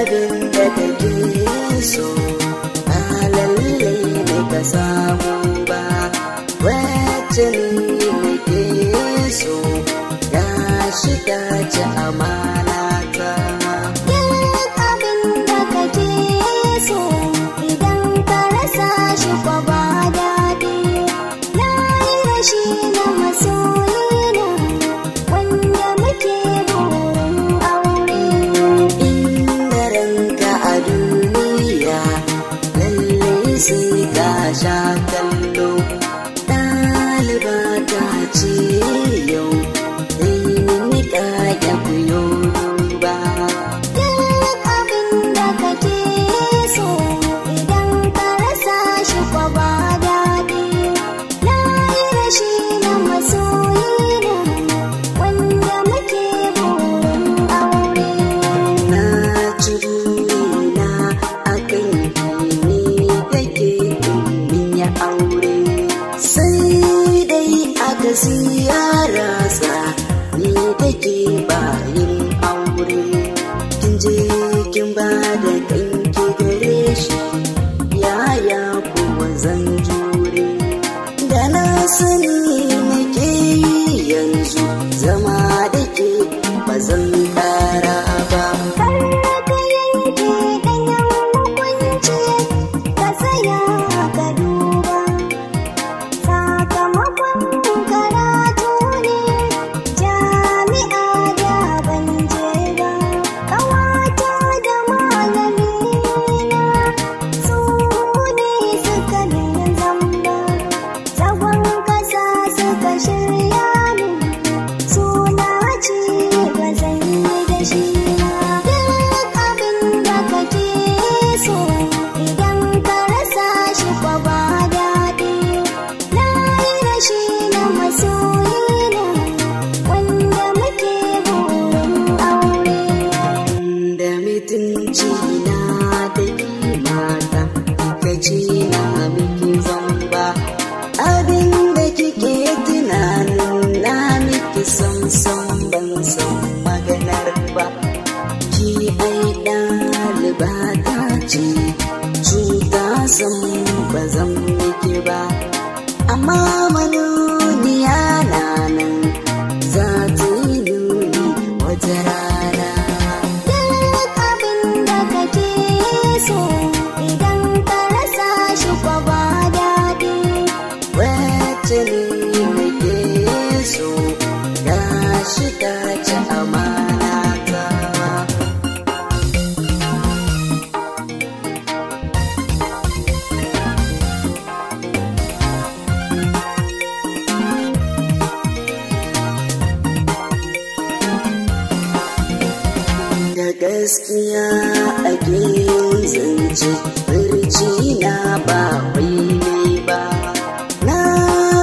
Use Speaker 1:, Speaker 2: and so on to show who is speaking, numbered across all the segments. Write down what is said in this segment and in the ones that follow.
Speaker 1: abin da kake so a lalle ne ka samu ba wacin nake so ya shiga ci amana ta
Speaker 2: duk abin da so idan ka rasa shi kwa ba
Speaker 1: zuciya ne ni da bayan aure kin je kin ba da kanki gare shi yaya kuwa zan jure da na sani ta ce cuta san ba zan miki ba amma manuniya na nan
Speaker 2: za ta yi nuni wata rana duk abin da ke so idan ka rasa shi kwa ba daɗi wacce ne muke so
Speaker 1: ga shi ta ci amma gaskiya a zance birci na ba ne ba na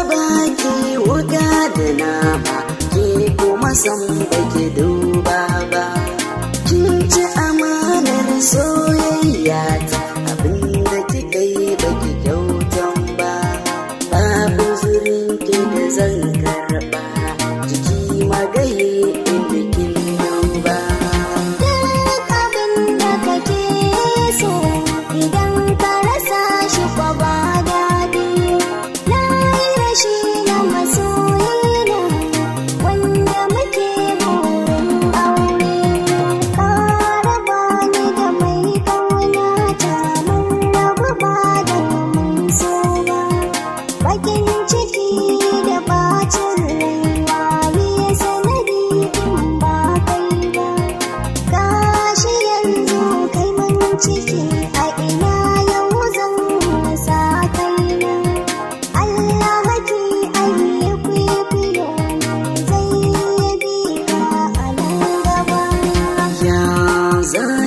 Speaker 1: baki wuga da nama ke kuma san baki duba ba kin ci amanar soyayya ta abinda kika yi baki kyautan ba babu zurin ki da zan karba
Speaker 2: jiki magaye
Speaker 1: sun.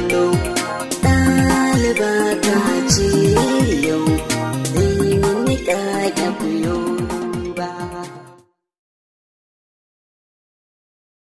Speaker 1: ɗaliba